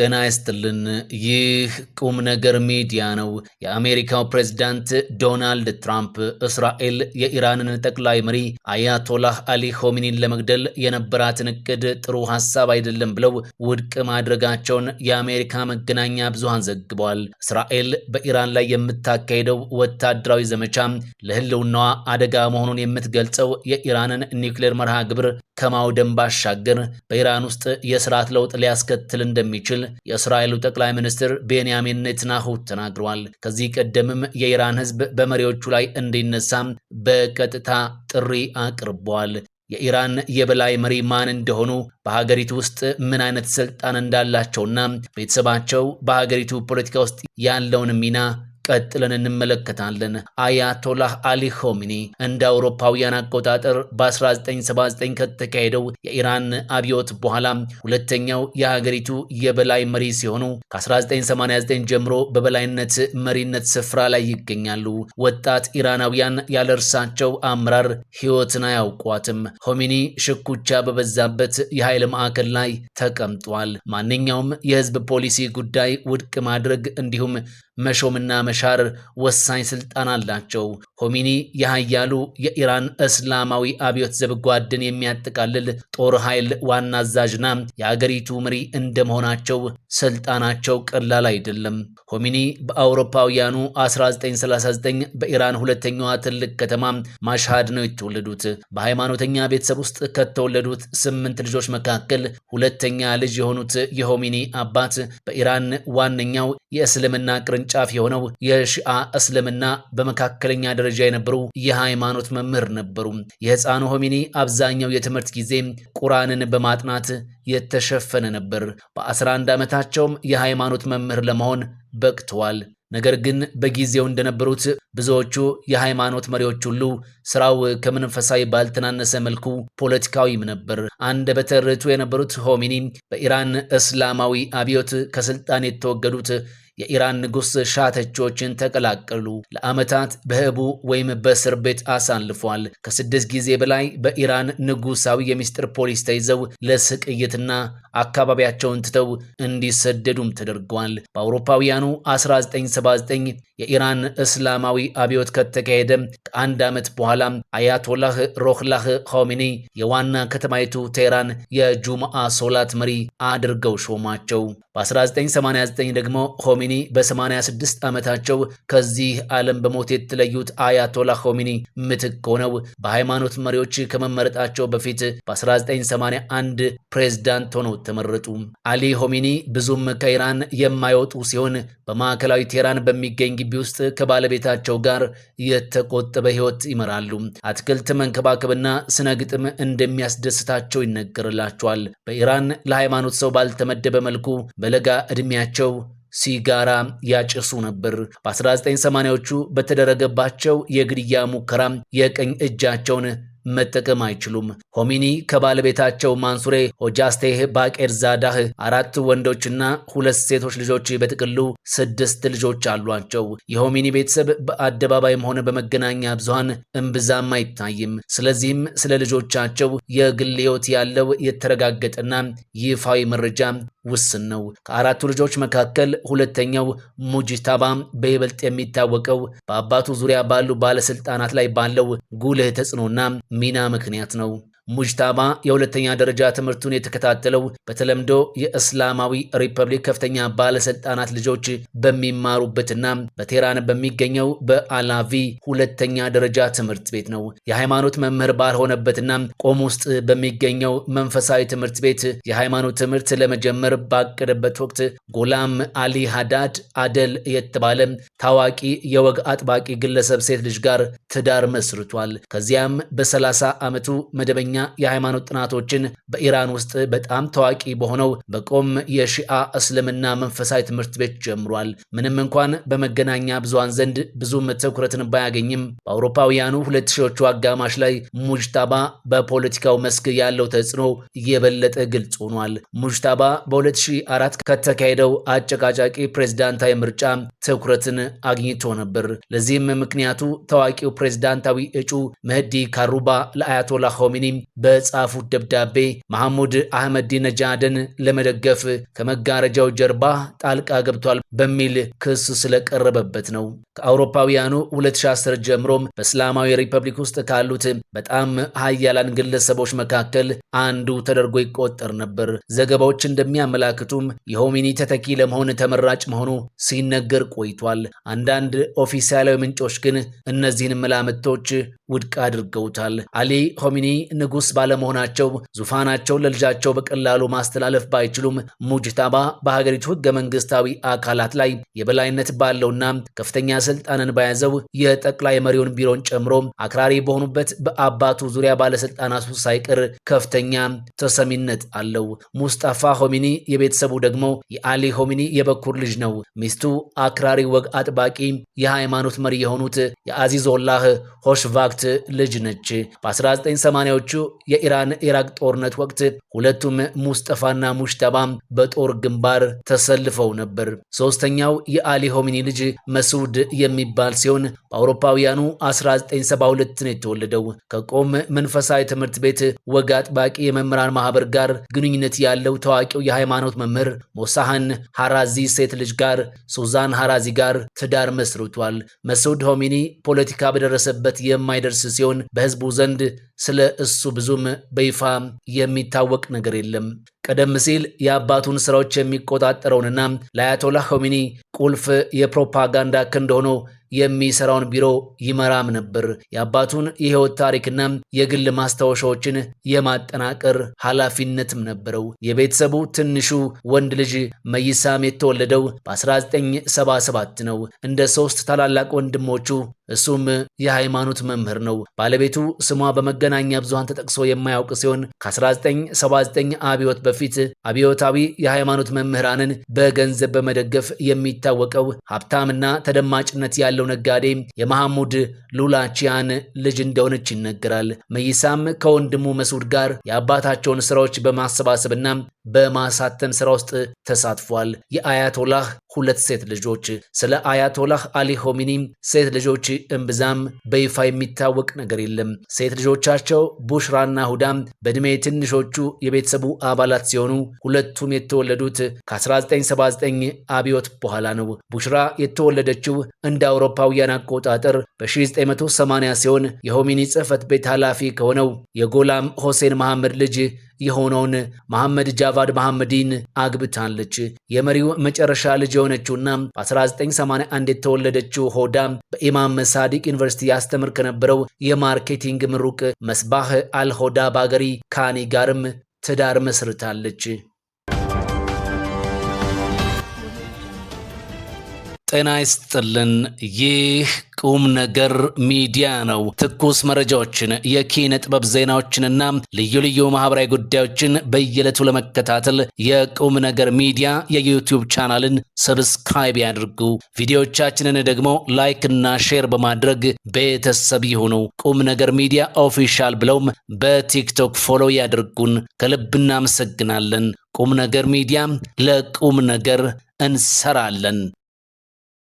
ጤና ይስጥልን። ይህ ቁም ነገር ሚዲያ ነው። የአሜሪካው ፕሬዝዳንት ዶናልድ ትራምፕ እስራኤል የኢራንን ጠቅላይ መሪ አያቶላህ አሊ ሆሚኒን ለመግደል የነበራትን እቅድ ጥሩ ሀሳብ አይደለም ብለው ውድቅ ማድረጋቸውን የአሜሪካ መገናኛ ብዙሃን ዘግበዋል። እስራኤል በኢራን ላይ የምታካሄደው ወታደራዊ ዘመቻ ለሕልውናዋ አደጋ መሆኑን የምትገልጸው የኢራንን ኒውክሌር መርሃ ግብር ከማውደም ባሻገር በኢራን ውስጥ የስርዓት ለውጥ ሊያስከትል እንደሚችል የእስራኤሉ ጠቅላይ ሚኒስትር ቤንያሚን ኔትናሁ ተናግረዋል። ከዚህ ቀደምም የኢራን ህዝብ በመሪዎቹ ላይ እንዲነሳም በቀጥታ ጥሪ አቅርበዋል። የኢራን የበላይ መሪ ማን እንደሆኑ በሀገሪቱ ውስጥ ምን አይነት ስልጣን እንዳላቸውና ቤተሰባቸው በሀገሪቱ ፖለቲካ ውስጥ ያለውን ሚና ቀጥለን እንመለከታለን። አያቶላህ አሊ ሆሚኒ እንደ አውሮፓውያን አቆጣጠር በ1979 ከተካሄደው የኢራን አብዮት በኋላ ሁለተኛው የሀገሪቱ የበላይ መሪ ሲሆኑ ከ1989 ጀምሮ በበላይነት መሪነት ስፍራ ላይ ይገኛሉ። ወጣት ኢራናውያን ያለ እርሳቸው አመራር ሕይወትን አያውቋትም። ሆሚኒ ሽኩቻ በበዛበት የኃይል ማዕከል ላይ ተቀምጧል። ማንኛውም የህዝብ ፖሊሲ ጉዳይ ውድቅ ማድረግ እንዲሁም መሾምና መሻር ወሳኝ ስልጣን አላቸው። ሆሚኒ የሀያሉ የኢራን እስላማዊ አብዮት ዘብጓድን የሚያጠቃልል ጦር ኃይል ዋና አዛዥና የአገሪቱ መሪ እንደመሆናቸው ስልጣናቸው ቀላል አይደለም። ሆሚኒ በአውሮፓውያኑ 1939 በኢራን ሁለተኛዋ ትልቅ ከተማ ማሽሃድ ነው የተወለዱት። በሃይማኖተኛ ቤተሰብ ውስጥ ከተወለዱት ስምንት ልጆች መካከል ሁለተኛ ልጅ የሆኑት የሆሚኒ አባት በኢራን ዋነኛው የእስልምና ቅርንጫፍ የሆነው የሺአ እስልምና በመካከለኛ ደረጃ ደረጃ የነበሩ የሃይማኖት መምህር ነበሩ። የህፃኑ ሆሚኒ አብዛኛው የትምህርት ጊዜ ቁርአንን በማጥናት የተሸፈነ ነበር። በ11 ዓመታቸውም የሃይማኖት መምህር ለመሆን በቅተዋል። ነገር ግን በጊዜው እንደነበሩት ብዙዎቹ የሃይማኖት መሪዎች ሁሉ ስራው ከመንፈሳዊ ባልተናነሰ መልኩ ፖለቲካዊም ነበር። አንድ ርቱዕ የነበሩት ሆሚኒ በኢራን እስላማዊ አብዮት ከስልጣን የተወገዱት የኢራን ንጉሥ ሻተቾችን ተቀላቀሉ። ለዓመታት በህቡ ወይም በእስር ቤት አሳልፏል። ከስድስት ጊዜ በላይ በኢራን ንጉሳዊ የሚስጥር ፖሊስ ተይዘው ለስቅይትና አካባቢያቸውን ትተው እንዲሰደዱም ተደርጓል። በአውሮፓውያኑ 1979 የኢራን እስላማዊ አብዮት ከተካሄደ ከአንድ ዓመት በኋላ አያቶላህ ሮህላህ ሆሚኒ የዋና ከተማይቱ ቴህራን የጁምዓ ሶላት መሪ አድርገው ሾማቸው። በ1989 ደግሞ ሆሚ ኮሚኒ በ86 ዓመታቸው ከዚህ ዓለም በሞት የተለዩት አያቶላ ኮሚኒ ምትክ ሆነው በሃይማኖት መሪዎች ከመመረጣቸው በፊት በ1981 ፕሬዝዳንት ሆነው ተመረጡ። አሊ ሆሚኒ ብዙም ከኢራን የማይወጡ ሲሆን በማዕከላዊ ቴህራን በሚገኝ ግቢ ውስጥ ከባለቤታቸው ጋር የተቆጠበ ሕይወት ይመራሉ። አትክልት መንከባከብና ስነ ግጥም እንደሚያስደስታቸው ይነገርላቸዋል። በኢራን ለሃይማኖት ሰው ባልተመደበ መልኩ በለጋ ዕድሜያቸው ሲጋራ ያጭሱ ነበር። በ1980ዎቹ በተደረገባቸው የግድያ ሙከራ የቀኝ እጃቸውን መጠቀም አይችሉም። ሆሚኒ ከባለቤታቸው ማንሱሬ ሆጃስቴህ ባቄር ዛዳህ አራት ወንዶችና ሁለት ሴቶች ልጆች በጥቅሉ ስድስት ልጆች አሏቸው። የሆሚኒ ቤተሰብ በአደባባይም ሆነ በመገናኛ ብዙሃን እምብዛም አይታይም። ስለዚህም ስለ ልጆቻቸው የግል ሕይወት ያለው የተረጋገጠና ይፋዊ መረጃ ውስን ነው። ከአራቱ ልጆች መካከል ሁለተኛው ሙጂታባ በይበልጥ የሚታወቀው በአባቱ ዙሪያ ባሉ ባለስልጣናት ላይ ባለው ጉልህ ተጽዕኖና ሚና ምክንያት ነው ሙጅታባ የሁለተኛ ደረጃ ትምህርቱን የተከታተለው በተለምዶ የእስላማዊ ሪፐብሊክ ከፍተኛ ባለስልጣናት ልጆች በሚማሩበትና በቴራን በሚገኘው በአላቪ ሁለተኛ ደረጃ ትምህርት ቤት ነው። የሃይማኖት መምህር ባልሆነበትና ቆም ውስጥ በሚገኘው መንፈሳዊ ትምህርት ቤት የሃይማኖት ትምህርት ለመጀመር ባቀደበት ወቅት ጎላም አሊ ሃዳድ አደል የተባለ ታዋቂ የወግ አጥባቂ ግለሰብ ሴት ልጅ ጋር ትዳር መስርቷል። ከዚያም በ በ30 ዓመቱ መደበኛ ከፍተኛ የሃይማኖት ጥናቶችን በኢራን ውስጥ በጣም ታዋቂ በሆነው በቆም የሺአ እስልምና መንፈሳዊ ትምህርት ቤት ጀምሯል። ምንም እንኳን በመገናኛ ብዙሃን ዘንድ ብዙም ትኩረትን ባያገኝም በአውሮፓውያኑ ሁለት ሺዎቹ አጋማሽ ላይ ሙጅታባ በፖለቲካው መስክ ያለው ተጽዕኖ እየበለጠ ግልጽ ሆኗል። ሙጅታባ በ2004 ከተካሄደው አጨቃጫቂ ፕሬዝዳንታዊ ምርጫ ትኩረትን አግኝቶ ነበር። ለዚህም ምክንያቱ ታዋቂው ፕሬዝዳንታዊ እጩ መህዲ ካሩባ ለአያቶላ ሆሚኒም በጻፉት ደብዳቤ መሐሙድ አህመዲነጃድን ለመደገፍ ከመጋረጃው ጀርባ ጣልቃ ገብቷል በሚል ክስ ስለቀረበበት ነው። ከአውሮፓውያኑ 2010 ጀምሮም በእስላማዊ ሪፐብሊክ ውስጥ ካሉት በጣም ሀያላን ግለሰቦች መካከል አንዱ ተደርጎ ይቆጠር ነበር። ዘገባዎች እንደሚያመላክቱም የሆሚኒ ተተኪ ለመሆን ተመራጭ መሆኑ ሲነገር ቆይቷል። አንዳንድ ኦፊሲያላዊ ምንጮች ግን እነዚህን መላምቶች ውድቅ አድርገውታል። አሊ ሆሚኒ ንጉ ንጉሥ ባለመሆናቸው ዙፋናቸውን ለልጃቸው በቀላሉ ማስተላለፍ ባይችሉም ሙጅታባ በሀገሪቱ ህገ መንግስታዊ አካላት ላይ የበላይነት ባለውና ከፍተኛ ስልጣንን በያዘው የጠቅላይ መሪውን ቢሮን ጨምሮ አክራሪ በሆኑበት በአባቱ ዙሪያ ባለስልጣናቱ ሳይቀር ከፍተኛ ተሰሚነት አለው። ሙስጠፋ ሆሚኒ የቤተሰቡ ደግሞ የአሊ ሆሚኒ የበኩር ልጅ ነው። ሚስቱ አክራሪ ወግ አጥባቂ የሃይማኖት መሪ የሆኑት የአዚዞላህ ሆሽቫክት ልጅ ነች። በ1980ዎቹ የኢራን-ኢራቅ ጦርነት ወቅት ሁለቱም ሙስጠፋና ሙሽተባ በጦር ግንባር ተሰልፈው ነበር። ሶስተኛው የአሊ ሆሚኒ ልጅ መስዑድ የሚባል ሲሆን በአውሮፓውያኑ 1972 ነው የተወለደው። ከቆም መንፈሳዊ ትምህርት ቤት ወግ አጥባቂ የመምህራን ማህበር ጋር ግንኙነት ያለው ታዋቂው የሃይማኖት መምህር ሞሳሃን ሐራዚ ሴት ልጅ ጋር ሱዛን ሐራዚ ጋር ትዳር መስርቷል። መስዑድ ሆሚኒ ፖለቲካ በደረሰበት የማይደርስ ሲሆን በህዝቡ ዘንድ ስለ እሱ ብዙም በይፋ የሚታወቅ ነገር የለም። ቀደም ሲል የአባቱን ስራዎች የሚቆጣጠረውንና ለአያቶላ ሆሚኒ ቁልፍ የፕሮፓጋንዳ ክንድ ሆኖ የሚሰራውን ቢሮ ይመራም ነበር። የአባቱን የህይወት ታሪክና የግል ማስታወሻዎችን የማጠናቀር ኃላፊነትም ነበረው። የቤተሰቡ ትንሹ ወንድ ልጅ መይሳም የተወለደው በ1977 ነው። እንደ ሶስት ታላላቅ ወንድሞቹ እሱም የሃይማኖት መምህር ነው። ባለቤቱ ስሟ በመገናኛ ብዙሃን ተጠቅሶ የማያውቅ ሲሆን ከ1979 አብዮት በ በፊት አብዮታዊ የሃይማኖት መምህራንን በገንዘብ በመደገፍ የሚታወቀው ሀብታምና ተደማጭነት ያለው ነጋዴ የመሐሙድ ሉላቺያን ልጅ እንደሆነች ይነገራል። መይሳም ከወንድሙ መስዑድ ጋር የአባታቸውን ስራዎች በማሰባሰብና በማሳተም ስራ ውስጥ ተሳትፏል። የአያቶላህ ሁለት ሴት ልጆች። ስለ አያቶላህ አሊ ሆሚኒ ሴት ልጆች እምብዛም በይፋ የሚታወቅ ነገር የለም። ሴት ልጆቻቸው ቡሽራና ሁዳም በእድሜ ትንሾቹ የቤተሰቡ አባላት አባላት ሲሆኑ ሁለቱም የተወለዱት ከ1979 አብዮት በኋላ ነው። ቡሽራ የተወለደችው እንደ አውሮፓውያን አቆጣጠር በ1980 ሲሆን የሆሚኒ ጽህፈት ቤት ኃላፊ ከሆነው የጎላም ሆሴን መሐመድ ልጅ የሆነውን መሐመድ ጃቫድ መሐመዲን አግብታለች። የመሪው መጨረሻ ልጅ የሆነችውና በ1981 የተወለደችው ሆዳ በኢማም ሳዲቅ ዩኒቨርሲቲ ያስተምር ከነበረው የማርኬቲንግ ምሩቅ መስባህ አልሆዳ ባገሪ ካኒ ጋርም ትዳር መስርታለች። ጤና ይስጥልን። ይህ ቁም ነገር ሚዲያ ነው። ትኩስ መረጃዎችን፣ የኪነ ጥበብ ዜናዎችንና ልዩ ልዩ ማህበራዊ ጉዳዮችን በየዕለቱ ለመከታተል የቁም ነገር ሚዲያ የዩቲዩብ ቻናልን ሰብስክራይብ ያድርጉ። ቪዲዮዎቻችንን ደግሞ ላይክ እና ሼር በማድረግ ቤተሰብ ይሁኑ። ቁም ነገር ሚዲያ ኦፊሻል ብለውም በቲክቶክ ፎሎ ያድርጉን። ከልብ እናመሰግናለን። ቁም ነገር ሚዲያ ለቁም ነገር እንሰራለን።